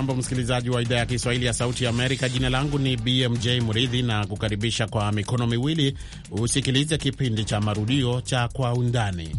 Hujambo msikilizaji wa idhaa ya Kiswahili ya Sauti ya Amerika. Jina langu ni BMJ Muridhi na kukaribisha kwa mikono miwili usikilize kipindi cha marudio cha Kwa Undani.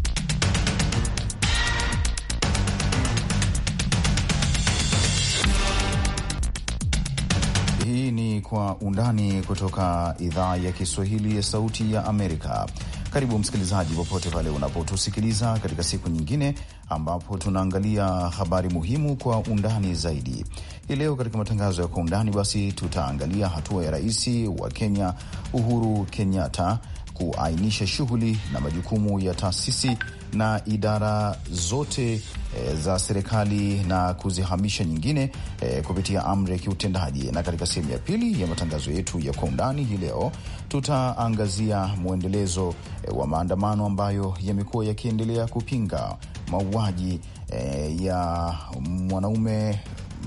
Hii ni Kwa Undani kutoka idhaa ya Kiswahili ya Sauti ya Amerika. Karibu msikilizaji, popote pale unapotusikiliza katika siku nyingine ambapo tunaangalia habari muhimu kwa undani zaidi. Hii leo katika matangazo ya kwa undani, basi tutaangalia hatua ya rais wa Kenya Uhuru Kenyatta kuainisha shughuli na majukumu ya taasisi na idara zote e, za serikali na kuzihamisha nyingine e, kupitia amri ya kiutendaji. Na katika sehemu ya pili ya matangazo yetu ya kwa undani hii leo tutaangazia mwendelezo e, wa maandamano ambayo yamekuwa yakiendelea kupinga mauaji e, ya mwanaume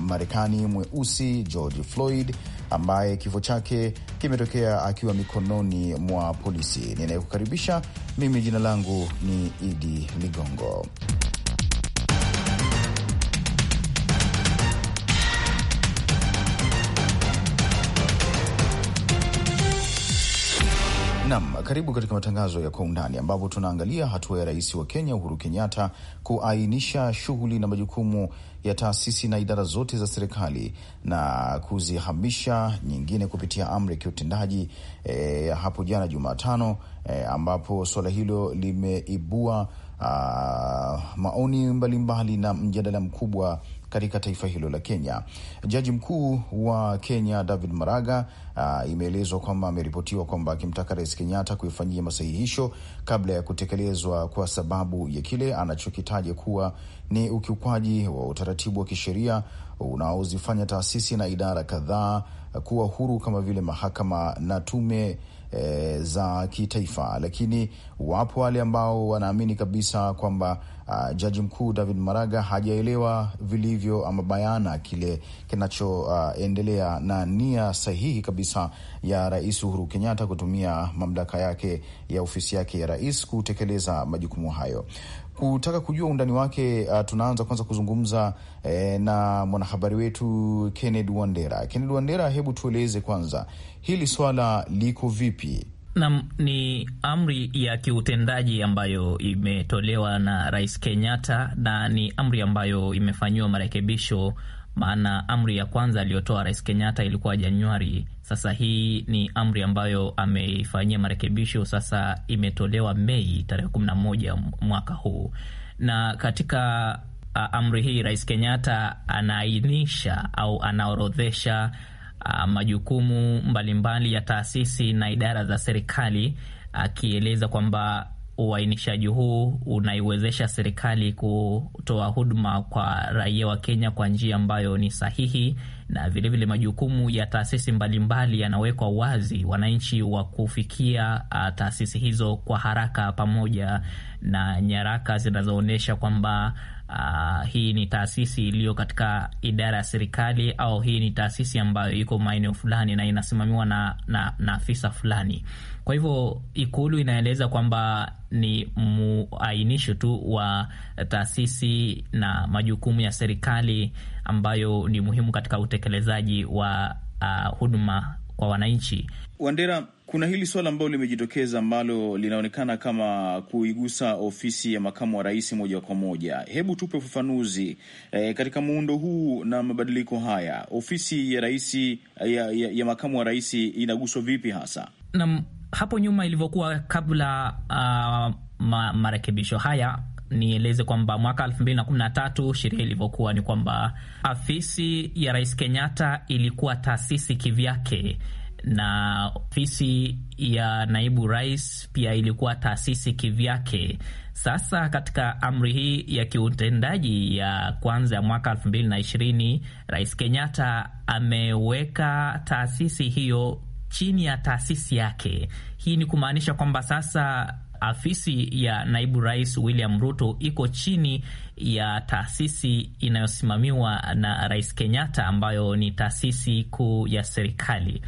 Marekani mweusi George Floyd ambaye kifo chake kimetokea akiwa mikononi mwa polisi. Ninayekukaribisha mimi, jina langu ni Idi Ligongo. Karibu katika matangazo ya kwa undani ambapo tunaangalia hatua ya rais wa Kenya Uhuru Kenyatta kuainisha shughuli na majukumu ya taasisi na idara zote za serikali na kuzihamisha nyingine kupitia amri ya kiutendaji ya eh, e, hapo jana Jumatano e, ambapo suala hilo limeibua a, ah, maoni mbalimbali mbali na mjadala mkubwa katika taifa hilo la Kenya. Jaji mkuu wa Kenya David Maraga uh, imeelezwa kwamba ameripotiwa kwamba akimtaka Rais Kenyatta kuifanyia masahihisho kabla ya kutekelezwa kwa sababu ya kile anachokitaja kuwa ni ukiukwaji wa utaratibu wa kisheria unaozifanya taasisi na idara kadhaa kuwa huru kama vile mahakama na tume e, za kitaifa. Lakini wapo wale ambao wanaamini kabisa kwamba uh, jaji mkuu David Maraga hajaelewa vilivyo ama bayana kile kinachoendelea uh, na nia sahihi kabisa ya Rais Uhuru Kenyatta kutumia mamlaka yake ya ofisi yake ya rais kutekeleza majukumu hayo kutaka kujua undani wake uh, tunaanza kwanza kuzungumza eh, na mwanahabari wetu kenned Wandera. Kenneth Wandera, hebu tueleze kwanza hili swala liko vipi? Nam, ni amri ya kiutendaji ambayo imetolewa na Rais Kenyatta na ni amri ambayo imefanyiwa marekebisho, maana amri ya kwanza aliyotoa Rais Kenyatta ilikuwa Januari. Sasa hii ni amri ambayo ameifanyia marekebisho, sasa imetolewa Mei tarehe moja mwaka huu, na katika amri hii Rais Kenyatta anaainisha au anaorodhesha uh, majukumu mbalimbali mbali ya taasisi na idara za serikali akieleza kwamba Uainishaji huu unaiwezesha serikali kutoa huduma kwa raia wa Kenya kwa njia ambayo ni sahihi, na vilevile vile majukumu ya taasisi mbalimbali yanawekwa wazi, wananchi wa kufikia taasisi hizo kwa haraka, pamoja na nyaraka zinazoonyesha kwamba Uh, hii ni taasisi iliyo katika idara ya serikali au hii ni taasisi ambayo iko maeneo fulani na inasimamiwa na, na, na afisa fulani. Kwa hivyo Ikulu inaeleza kwamba ni muainisho tu wa taasisi na majukumu ya serikali ambayo ni muhimu katika utekelezaji wa uh, huduma kwa wananchi. Wandera, kuna hili suala ambalo limejitokeza ambalo linaonekana kama kuigusa ofisi ya makamu wa rais moja kwa moja. Hebu tupe ufafanuzi e, katika muundo huu na mabadiliko haya, ofisi ya rais ya, ya, ya makamu wa rais inaguswa vipi hasa? Nam, hapo nyuma ilivyokuwa kabla uh, ma, marekebisho haya nieleze kwamba mwaka 2013 sheria ilivyokuwa ni kwamba afisi ya Rais Kenyatta ilikuwa taasisi kivyake na ofisi ya naibu rais pia ilikuwa taasisi kivyake. Sasa katika amri hii ya kiutendaji ya kwanza ya mwaka 2020 Rais Kenyatta ameweka taasisi hiyo chini ya taasisi yake. Hii ni kumaanisha kwamba sasa afisi ya naibu rais William Ruto iko chini ya taasisi inayosimamiwa na Rais Kenyatta, ambayo ni taasisi kuu ya serikali.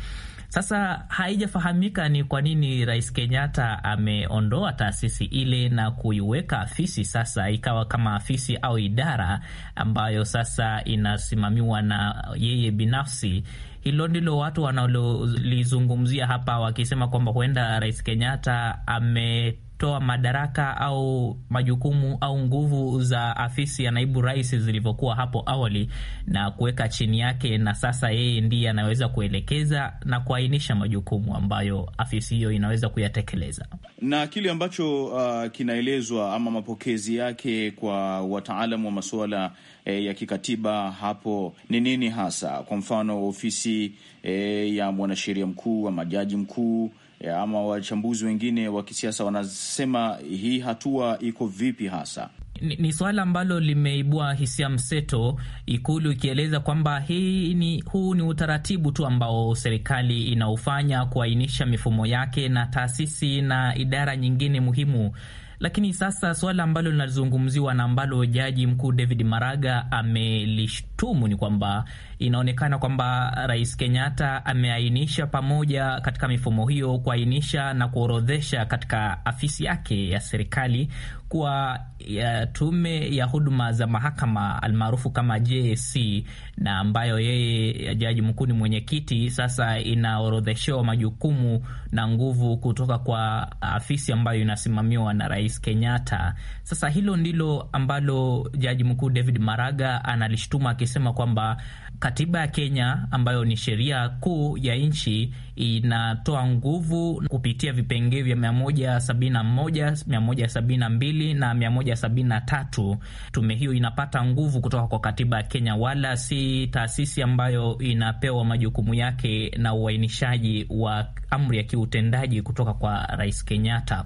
Sasa haijafahamika ni kwa nini Rais Kenyatta ameondoa taasisi ile na kuiweka afisi sasa ikawa kama afisi au idara ambayo sasa inasimamiwa na yeye binafsi hilo ndilo watu wanalolizungumzia hapa, wakisema kwamba huenda Rais Kenyatta ame kutoa madaraka au majukumu au nguvu za afisi ya naibu rais zilivyokuwa hapo awali na kuweka chini yake, na sasa yeye ndiye anaweza kuelekeza na kuainisha majukumu ambayo afisi hiyo inaweza kuyatekeleza. Na kile ambacho uh, kinaelezwa ama mapokezi yake kwa wataalamu wa masuala eh, ya kikatiba hapo ni nini hasa? Kwa mfano ofisi eh, ya mwanasheria mkuu ama jaji mkuu ya, ama wachambuzi wengine wa kisiasa wanasema hii hatua iko vipi hasa? Ni, ni suala ambalo limeibua hisia mseto, Ikulu ikieleza kwamba hii ni, huu ni utaratibu tu ambao serikali inaofanya kuainisha mifumo yake na taasisi na idara nyingine muhimu. Lakini sasa suala ambalo linazungumziwa na ambalo jaji mkuu David Maraga amelishtumu ni kwamba inaonekana kwamba Rais Kenyatta ameainisha pamoja katika mifumo hiyo, kuainisha na kuorodhesha katika afisi yake ya serikali kuwa ya tume ya huduma za mahakama almaarufu kama JSC, na ambayo yeye jaji mkuu ni mwenyekiti. Sasa inaorodheshewa majukumu na nguvu kutoka kwa afisi ambayo inasimamiwa na Rais Kenyatta. Sasa hilo ndilo ambalo jaji mkuu David Maraga analishtuma akisema kwamba Katiba ya Kenya ambayo ni sheria kuu ya nchi inatoa nguvu kupitia vipengee vya 171, 172 na 173. Tume hiyo inapata nguvu kutoka kwa katiba ya Kenya, wala si taasisi ambayo inapewa majukumu yake na uainishaji wa amri ya kiutendaji kutoka kwa Rais Kenyatta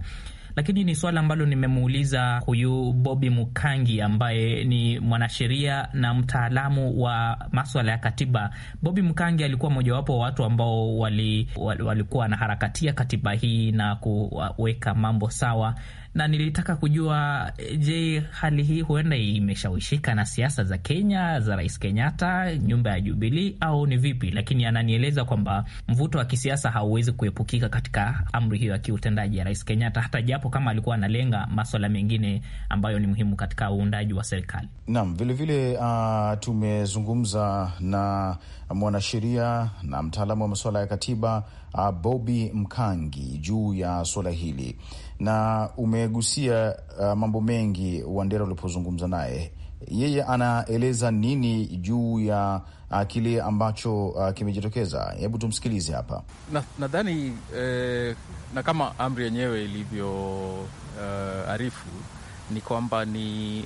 lakini ni swala ambalo nimemuuliza huyu Bobi Mukangi ambaye ni mwanasheria na mtaalamu wa maswala ya katiba. Bobi Mukangi alikuwa mojawapo wa watu ambao walikuwa wali, wali wanaharakatia katiba hii na kuweka mambo sawa na nilitaka kujua je, hali hii huenda imeshawishika na siasa za Kenya za Rais Kenyatta, nyumba ya Jubilii au ni vipi? Lakini ananieleza kwamba mvuto wa kisiasa hauwezi kuepukika katika amri hiyo ya kiutendaji ya Rais Kenyatta, hata japo kama alikuwa analenga maswala mengine ambayo ni muhimu katika uundaji wa serikali. Naam, vilevile uh, ah, tumezungumza na mwanasheria na mtaalamu wa masuala ya katiba uh, Bobi Mkangi juu ya suala hili na umegusia uh, mambo mengi Wandera ulipozungumza naye yeye anaeleza nini juu ya uh, kile ambacho uh, kimejitokeza. Hebu tumsikilize hapa. Nadhani na, eh, na kama amri yenyewe ilivyo uh, arifu ni kwamba ni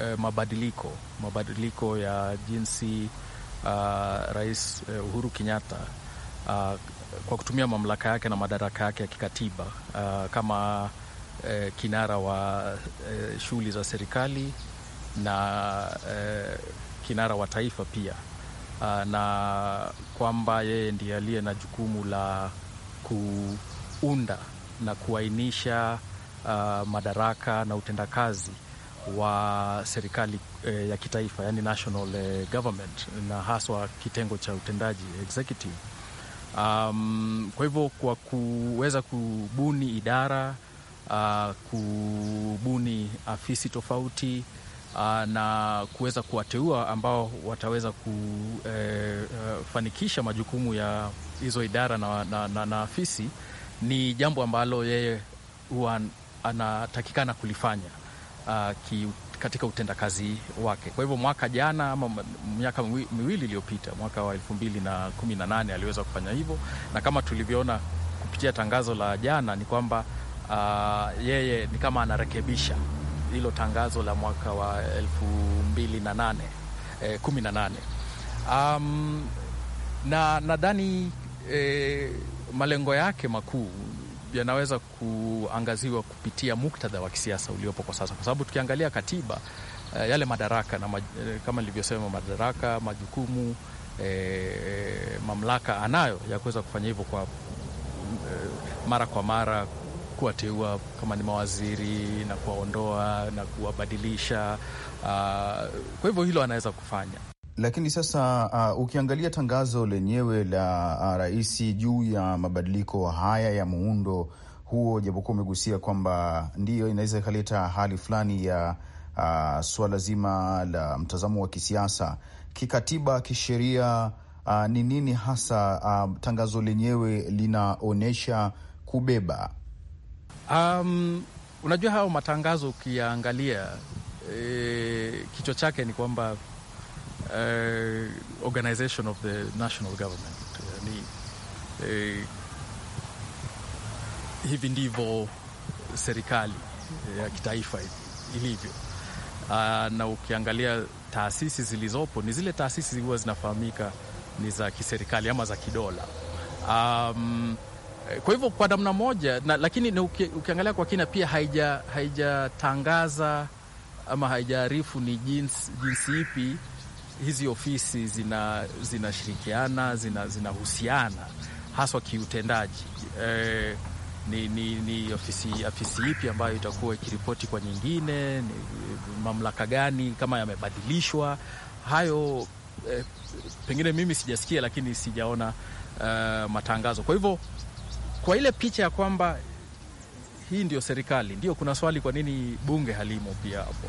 eh, mabadiliko mabadiliko ya jinsi uh, Rais eh, Uhuru Kenyatta uh, kwa kutumia mamlaka yake na madaraka yake ya kikatiba uh, kama uh, kinara wa uh, shughuli za serikali na uh, kinara wa taifa pia uh, na kwamba yeye ndiye aliye na jukumu la kuunda na kuainisha uh, madaraka na utendakazi wa serikali eh, ya kitaifa yani national eh, government na haswa kitengo cha utendaji executive Um, kwa hivyo kwa kuweza kubuni idara uh, kubuni afisi tofauti uh, na kuweza kuwateua ambao wataweza kufanikisha eh, eh, majukumu ya hizo idara na, na, na, na afisi ni jambo ambalo yeye huwa anatakikana kulifanya uh, katika utendakazi wake. Kwa hivyo mwaka jana ama miaka miwili iliyopita, mwaka wa elfu mbili na kumi na nane aliweza kufanya hivyo, na kama tulivyoona kupitia tangazo la jana ni kwamba uh, yeye ni kama anarekebisha hilo tangazo la mwaka wa elfu mbili na nane eh, kumi na nane um, na nadhani eh, malengo yake makuu yanaweza kuangaziwa kupitia muktadha wa kisiasa uliopo kwa sasa, kwa sababu tukiangalia katiba uh, yale madaraka na maj, eh, kama nilivyosema madaraka, majukumu uh, mamlaka anayo ya kuweza kufanya hivyo kwa uh, mara kwa mara kuwateua kama ni mawaziri na kuwaondoa na kuwabadilisha. Uh, kwa hivyo hilo anaweza kufanya. Lakini sasa uh, ukiangalia tangazo lenyewe la uh, rais juu ya mabadiliko haya ya muundo huo, japokuwa umegusia kwamba ndiyo inaweza ikaleta hali fulani ya uh, suala zima la mtazamo wa kisiasa, kikatiba, kisheria, uh, ni uh, nini hasa uh, tangazo lenyewe linaonyesha kubeba? Um, unajua hayo matangazo ukiangalia e, eh, kichwa chake ni kwamba uh, organization of the national government. Yani, uh, hivi ndivyo serikali ya kitaifa ilivyo. Uh, na ukiangalia taasisi zilizopo ni zile taasisi huwa zinafahamika ni za kiserikali ama za kidola. Um, kwa hivyo kwa namna moja na, lakini na uki, ukiangalia kwa kina pia haija haijatangaza ama haijaarifu ni jinsi, jinsi ipi hizi ofisi zinashirikiana zina zinahusiana zina haswa kiutendaji e, ni, ni, ni ofisi, ofisi ipi ambayo itakuwa ikiripoti kwa nyingine? Ni mamlaka gani kama yamebadilishwa hayo? E, pengine mimi sijasikia, lakini sijaona uh, matangazo. Kwa hivyo kwa ile picha ya kwamba hii ndio serikali, ndio kuna swali, kwa nini bunge halimo pia hapo?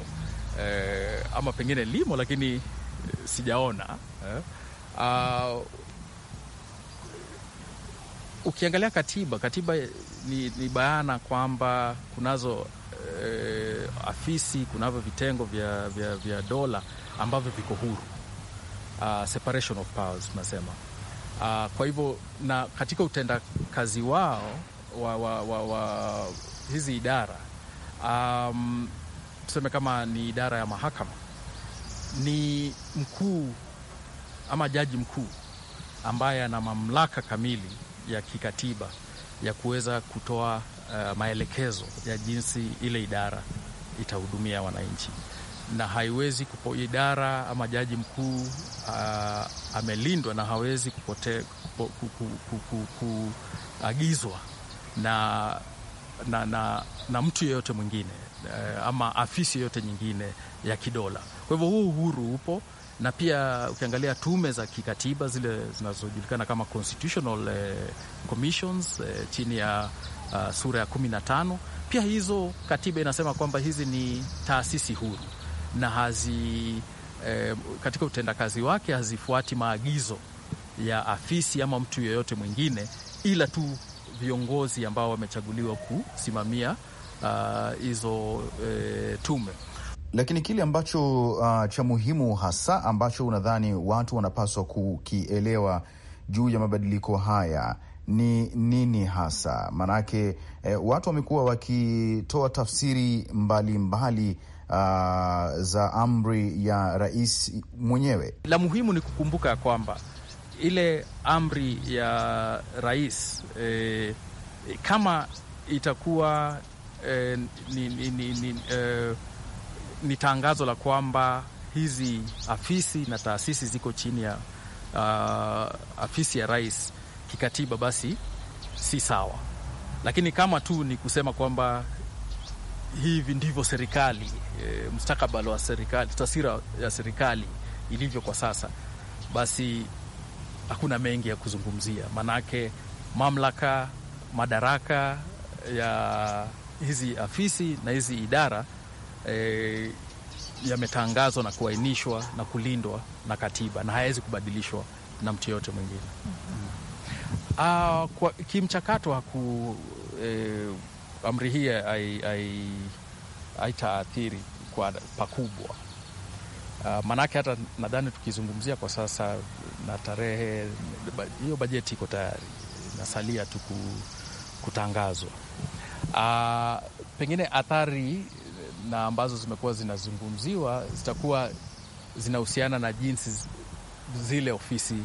E, ama pengine limo lakini sijaona eh? Uh, ukiangalia katiba, katiba ni, ni bayana kwamba kunazo eh, afisi kunavyo vitengo vya, vya, vya dola ambavyo viko huru uh, separation of powers tunasema uh, kwa hivyo na katika utendakazi wao wa, wa, wa, wa hizi idara um, tuseme kama ni idara ya mahakama ni mkuu ama jaji mkuu ambaye ana mamlaka kamili ya kikatiba ya kuweza kutoa uh, maelekezo ya jinsi ile idara itahudumia wananchi, na haiwezi kupo idara ama jaji mkuu uh, amelindwa na hawezi kupote, kupo, kuagizwa na, na, na, na mtu yeyote mwingine Eh, ama afisi yote nyingine ya kidola. Kwa hivyo huu uhuru upo, na pia ukiangalia tume za kikatiba zile zinazojulikana kama constitutional eh, commissions eh, chini ya uh, sura ya 15 pia hizo katiba inasema kwamba hizi ni taasisi huru na hazi eh, katika utendakazi wake hazifuati maagizo ya afisi ama mtu yeyote mwingine, ila tu viongozi ambao wamechaguliwa kusimamia Uh, hizo uh, e, tume. Lakini kile ambacho uh, cha muhimu hasa ambacho unadhani watu wanapaswa kukielewa juu ya mabadiliko haya ni nini hasa? Maanake eh, watu wamekuwa wakitoa tafsiri mbalimbali mbali, uh, za amri ya rais mwenyewe. La muhimu ni kukumbuka kwamba ile amri ya rais eh, kama itakuwa Eh, ni, ni, ni, ni, eh, ni tangazo la kwamba hizi afisi na taasisi ziko chini ya uh, afisi ya rais kikatiba, basi si sawa. Lakini kama tu ni kusema kwamba hivi ndivyo serikali e, mustakabali wa serikali, taswira ya serikali ilivyo kwa sasa, basi hakuna mengi ya kuzungumzia, maanake mamlaka, madaraka ya hizi afisi na hizi idara e, yametangazwa na kuainishwa na kulindwa na katiba na hayawezi kubadilishwa na mtu yoyote mwingine. mm-hmm. Ah, kwa kimchakato haku e, amri hii haitaathiri kwa pakubwa. Uh, ah, maanake hata nadhani tukizungumzia kwa sasa na tarehe hiyo, bajeti iko tayari, nasalia tu kutangazwa. Uh, pengine athari na ambazo zimekuwa zinazungumziwa zitakuwa zinahusiana na jinsi zile ofisi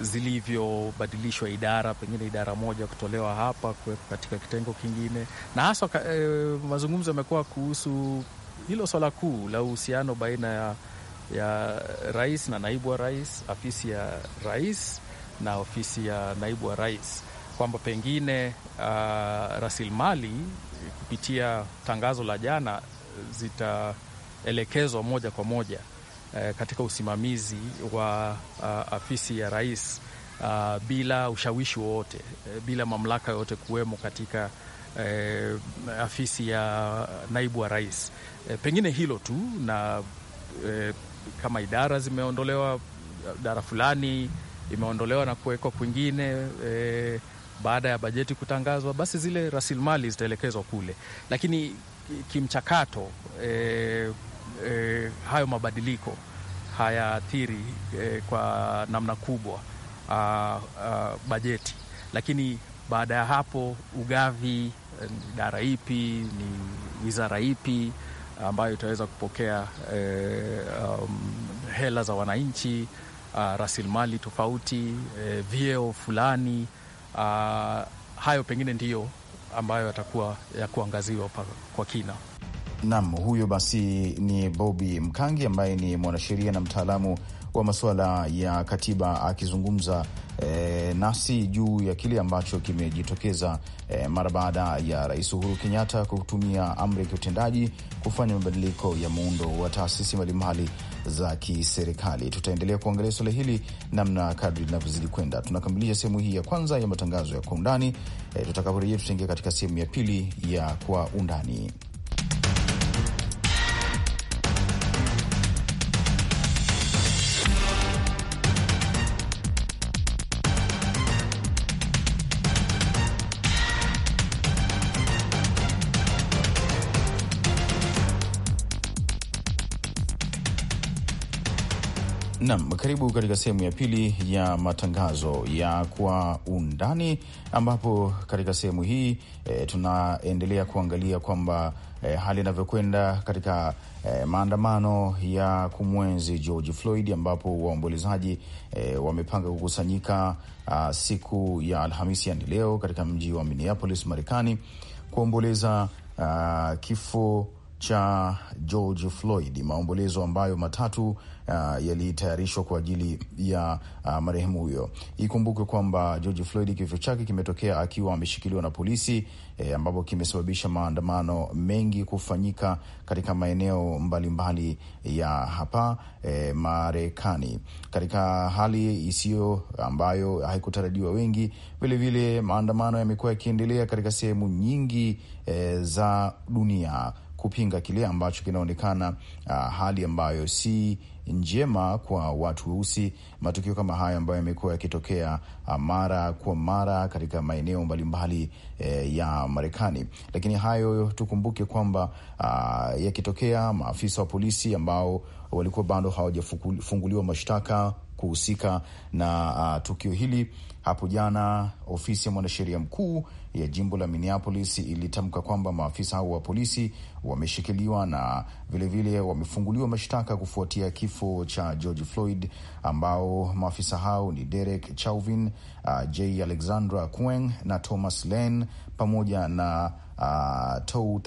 zilivyobadilishwa idara, pengine idara moja kutolewa hapa kuwekwa katika kitengo kingine, na haswa e, eh, mazungumzo yamekuwa kuhusu hilo swala kuu la uhusiano baina ya, ya rais na naibu wa rais, afisi ya rais na ofisi ya naibu wa rais kwamba pengine uh, rasilimali kupitia tangazo la jana zitaelekezwa moja kwa moja uh, katika usimamizi wa uh, afisi ya rais uh, bila ushawishi wowote uh, bila mamlaka yoyote kuwemo katika uh, afisi ya naibu wa rais uh, pengine hilo tu na uh, kama idara zimeondolewa, idara fulani imeondolewa na kuwekwa kwingine uh, baada ya bajeti kutangazwa, basi zile rasilimali zitaelekezwa kule, lakini kimchakato e, e, hayo mabadiliko hayaathiri e, eh, kwa namna kubwa a, ah, a, ah, bajeti, lakini baada ya hapo ugavi, idara ipi ni wizara ipi ambayo itaweza kupokea e, um, hela za wananchi, ah, rasilimali tofauti, e, vyeo fulani Ah, hayo pengine ndiyo ambayo yatakuwa ya kuangaziwa kwa kina. Nam huyo basi ni Bobi Mkangi ambaye ni mwanasheria na mtaalamu wa masuala ya katiba akizungumza e, nasi juu ya kile ambacho kimejitokeza e, mara baada ya Rais Uhuru Kenyatta kutumia amri ya kiutendaji kufanya mabadiliko ya muundo wa taasisi mbalimbali za kiserikali. Tutaendelea kuangalia suala hili namna kadri linavyozidi kwenda. Tunakamilisha sehemu hii ya kwanza ya matangazo ya kwa undani. E, tutakaporejea tutaingia katika sehemu ya pili ya kwa undani. Nam, karibu katika sehemu ya pili ya matangazo ya kwa undani, ambapo katika sehemu hii e, tunaendelea kuangalia kwamba e, hali inavyokwenda katika e, maandamano ya kumwenzi George Floyd, ambapo waombolezaji e, wamepanga kukusanyika a, ah, siku ya Alhamisi yani leo katika mji wa Minneapolis, Marekani kuomboleza ah, kifo cha George Floyd, maombolezo ambayo matatu uh, yalitayarishwa kwa ajili ya uh, marehemu huyo. Ikumbukwe kwamba George Floyd kifo chake kimetokea akiwa ameshikiliwa na polisi eh, ambapo kimesababisha maandamano mengi kufanyika katika maeneo mbalimbali mbali ya hapa eh, Marekani, katika hali isiyo ambayo haikutarajiwa wengi. Vilevile maandamano yamekuwa yakiendelea katika sehemu nyingi eh, za dunia kupinga kile ambacho kinaonekana uh, hali ambayo si njema kwa watu weusi. Matukio kama haya ambayo yamekuwa yakitokea ah, mara kwa mara katika maeneo mbalimbali e, ya Marekani. Lakini hayo tukumbuke kwamba ah, yakitokea, maafisa wa polisi ambao walikuwa bado hawajafunguliwa mashtaka kuhusika na a, tukio hili hapo jana ofisi ya mwanasheria mkuu ya jimbo la Minneapolis ilitamka kwamba maafisa hao wa polisi wameshikiliwa na vilevile wamefunguliwa mashtaka kufuatia kifo cha George Floyd, ambao maafisa hao ni Derek Chauvin, uh, J Alexandra Kueng na Thomas Lane pamoja na uh, Tou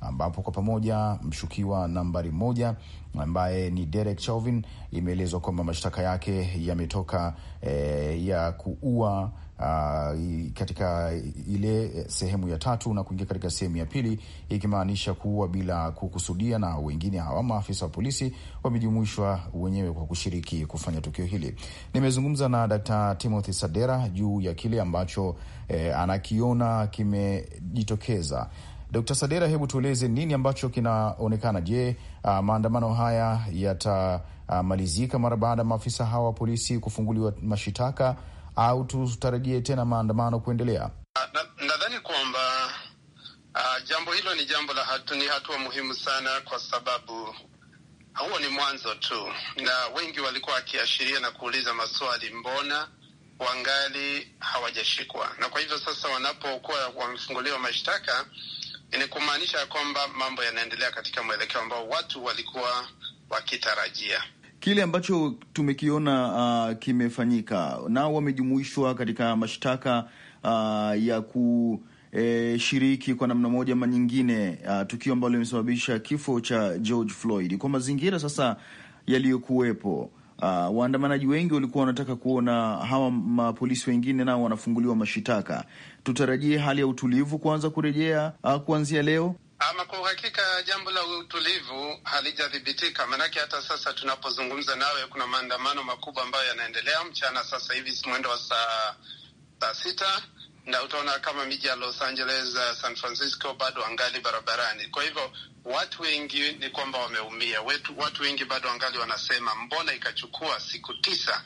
ambapo kwa pamoja mshukiwa nambari moja ambaye ni Derek Chauvin, imeelezwa kwamba mashtaka yake yametoka eh, ya kuua uh, katika ile eh, sehemu ya tatu na kuingia katika sehemu ya pili, ikimaanisha kuua bila kukusudia, na wengine hawa maafisa wa polisi wamejumuishwa wenyewe kwa kushiriki kufanya tukio hili. Nimezungumza na Dkt. Timothy Sadera juu ya kile ambacho eh, anakiona kimejitokeza. Dkt. Sadera, hebu tueleze nini ambacho kinaonekana. Je, uh, maandamano haya yatamalizika ah, uh, mara baada ya maafisa hawa wa polisi kufunguliwa mashitaka au tutarajie tena maandamano kuendelea? Ah, nadhani na kwamba uh, jambo hilo ni jambo la hatu, ni hatua muhimu sana kwa sababu huo ni mwanzo tu, na wengi walikuwa wakiashiria na kuuliza maswali, mbona wangali hawajashikwa? Na kwa hivyo sasa wanapokuwa wamefunguliwa mashtaka ni kumaanisha kwamba mambo yanaendelea katika mwelekeo ambao watu walikuwa wakitarajia kile ambacho tumekiona uh, kimefanyika, nao wamejumuishwa katika mashtaka uh, ya kushiriki eh, kwa namna moja ama nyingine uh, tukio ambalo limesababisha kifo cha George Floyd kwa mazingira sasa yaliyokuwepo. Uh, waandamanaji wengi walikuwa wanataka kuona hawa mapolisi wengine nao wanafunguliwa mashitaka. Tutarajie hali ya utulivu kuanza kurejea uh, kuanzia leo. Ama kwa uhakika jambo la utulivu halijathibitika, maanake hata sasa tunapozungumza nawe kuna maandamano makubwa ambayo yanaendelea mchana sasa hivi mwendo wa saa, saa sita na utaona kama miji ya Los Angeles, San Francisco bado angali barabarani. Kwa hivyo watu wengi ni kwamba wameumia. Wetu, watu wengi bado wangali wanasema mbona ikachukua siku tisa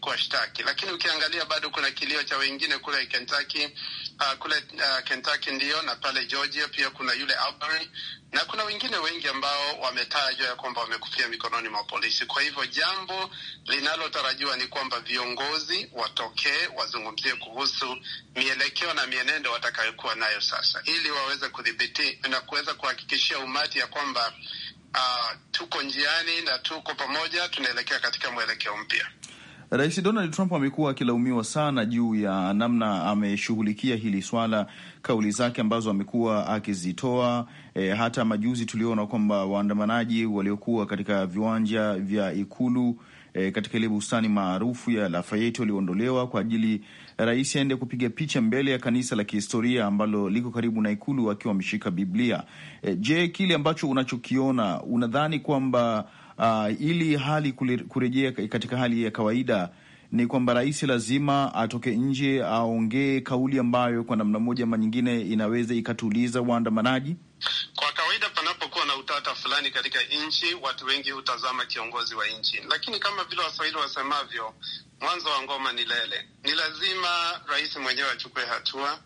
kuwashtaki, lakini ukiangalia bado kuna kilio cha wengine kule Kentucky, uh, kule uh, Kentucky ndiyo na pale Georgia pia kuna yule Aubrey na kuna wengine wengi ambao wametajwa ya kwamba wamekufia mikononi mwa polisi. Kwa hivyo jambo linalotarajiwa ni kwamba viongozi watokee wazungumzie kuhusu mielekeo na mienendo watakayokuwa nayo sasa, ili waweze kudhibiti na kuweza kuhakikisha kuhakikishia umati ya kwamba uh, tuko njiani na tuko pamoja, tunaelekea katika mwelekeo mpya. Rais Donald Trump amekuwa akilaumiwa sana juu ya namna ameshughulikia hili swala, kauli zake ambazo amekuwa akizitoa. E, hata majuzi tuliona kwamba waandamanaji waliokuwa katika viwanja vya ikulu e, katika ile bustani maarufu ya Lafayette walioondolewa kwa ajili rais aende kupiga picha mbele ya kanisa la kihistoria ambalo liko karibu na ikulu akiwa ameshika Biblia. E, je, kile ambacho unachokiona unadhani kwamba uh, ili hali kurejea katika hali ya kawaida ni kwamba rais lazima atoke nje aongee kauli ambayo kwa namna moja ama nyingine inaweza ikatuliza waandamanaji. Kwa kawaida, panapokuwa na utata fulani katika nchi, watu wengi hutazama kiongozi wa nchi, lakini kama vile waswahili wasemavyo, mwanzo wa ngoma ni lele. Ni lazima rais mwenyewe achukue hatua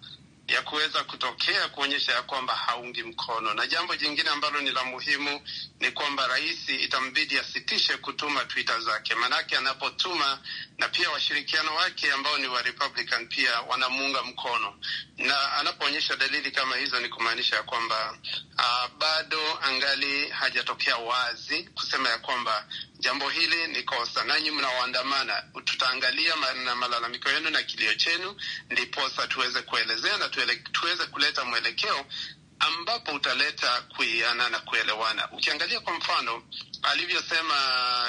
ya kuweza kutokea kuonyesha ya kwamba haungi mkono. Na jambo jingine ambalo ni la muhimu ni kwamba rais itambidi asitishe kutuma Twitter zake, maanake anapotuma na pia washirikiano wake ambao ni wa Republican pia wanamuunga mkono, na anapoonyesha dalili kama hizo ni kumaanisha ya kwamba uh, bado angali hajatokea wazi kusema ya kwamba Jambo hili ni kosa, nanyi mnaoandamana, tutaangalia na malalamiko yenu na kilio chenu, ndiposa tuweze kuelezea na tuele, tuweze kuleta mwelekeo ambapo utaleta kuiana na kuelewana. Ukiangalia kwa mfano alivyosema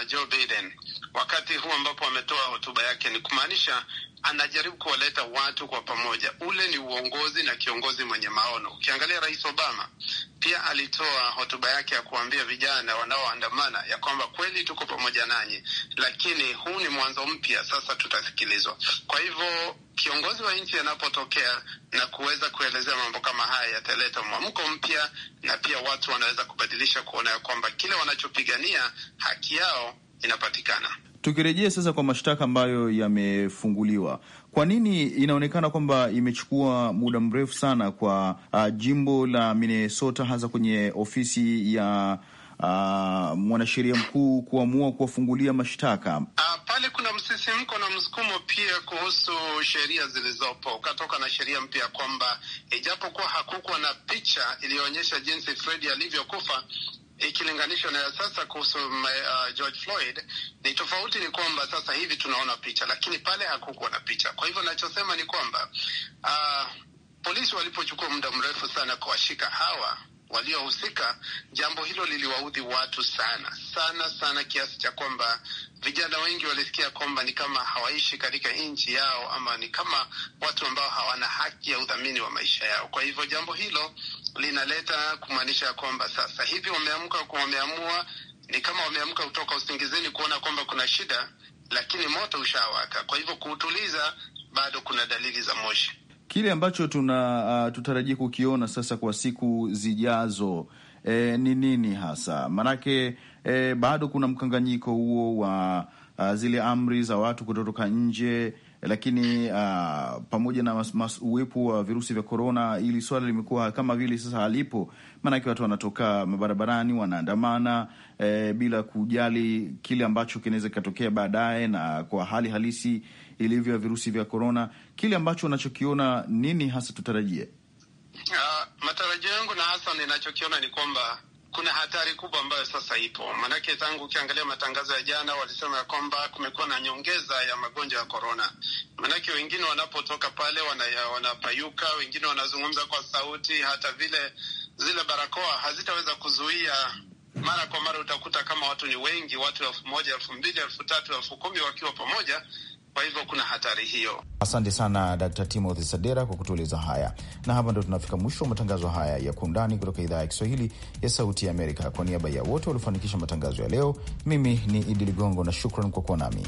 Joe Biden wakati huu ambapo ametoa hotuba yake, ni kumaanisha anajaribu kuwaleta watu kwa pamoja. Ule ni uongozi na kiongozi mwenye maono. Ukiangalia Rais Obama pia alitoa hotuba yake ya kuambia vijana wanaoandamana ya kwamba kweli tuko pamoja nanyi, lakini huu ni mwanzo mpya, sasa tutasikilizwa. Kwa hivyo kiongozi wa nchi anapotokea na kuweza kuelezea mambo kama haya, yataleta mwamko mpya, na pia watu wanaweza kubadilisha kuona ya kwamba kile wanachopigania haki yao inapatikana. Tukirejea sasa kwa mashtaka ambayo yamefunguliwa kwa nini inaonekana kwamba imechukua muda mrefu sana kwa uh, jimbo la Minnesota hasa kwenye ofisi ya Uh, mwanasheria mkuu kuamua kuwafungulia mashtaka uh, pale kuna msisimko na msukumo pia kuhusu sheria zilizopo, ukatoka na sheria mpya kwamba ijapokuwa hakukuwa na picha iliyoonyesha jinsi Fredi alivyokufa, ikilinganishwa na sasa kuhusu uh, George Floyd, ni tofauti ni kwamba sasa hivi tunaona picha, lakini pale hakukuwa na picha. Kwa hivyo nachosema ni kwamba uh, polisi walipochukua muda mrefu sana kuwashika hawa waliohusika, jambo hilo liliwaudhi watu sana sana sana, kiasi cha kwamba vijana wengi walisikia kwamba ni kama hawaishi katika nchi yao ama ni kama watu ambao hawana haki ya udhamini wa maisha yao. Kwa hivyo jambo hilo linaleta kumaanisha kwamba sasa hivi wameamka, wameamua, ni kama wameamka kutoka usingizini kuona kwamba kuna shida, lakini moto ushawaka. Kwa hivyo kuutuliza, bado kuna dalili za moshi. Kile ambacho tuna uh, ah, tutarajia kukiona sasa kwa siku zijazo e, ni nini hasa? Maanake e, eh, bado kuna mkanganyiko huo wa uh, zile amri za watu kutotoka nje lakini uh, pamoja na uwepo wa virusi vya korona, ili swala limekuwa kama vile sasa halipo, maanake watu wanatoka mabarabarani wanaandamana e, bila kujali kile ambacho kinaweza kikatokea baadaye, na kwa hali halisi ilivyo ya virusi vya korona, kile ambacho unachokiona nini hasa tutarajie? Uh, matarajio yangu na hasa ninachokiona ni kwamba kuna hatari kubwa ambayo sasa ipo, maanake tangu ukiangalia matangazo ya jana walisema ya kwamba kumekuwa na nyongeza ya magonjwa ya korona. Maanake wengine wanapotoka pale wanapayuka, wengine wanazungumza kwa sauti, hata vile zile barakoa hazitaweza kuzuia mara kwa mara. Utakuta kama watu ni wengi, watu elfu moja, elfu mbili, elfu tatu, elfu kumi wakiwa pamoja. Kwa hivyo kuna hatari hiyo. Asante sana dr Timothy Sadera kwa kutueleza haya, na hapa ndo tunafika mwisho wa matangazo haya ya Kwa Undani kutoka idhaa ya Kiswahili ya Sauti ya Amerika. Kwa niaba ya wote waliofanikisha matangazo ya leo, mimi ni Idi Ligongo na shukran kwa kuwa nami.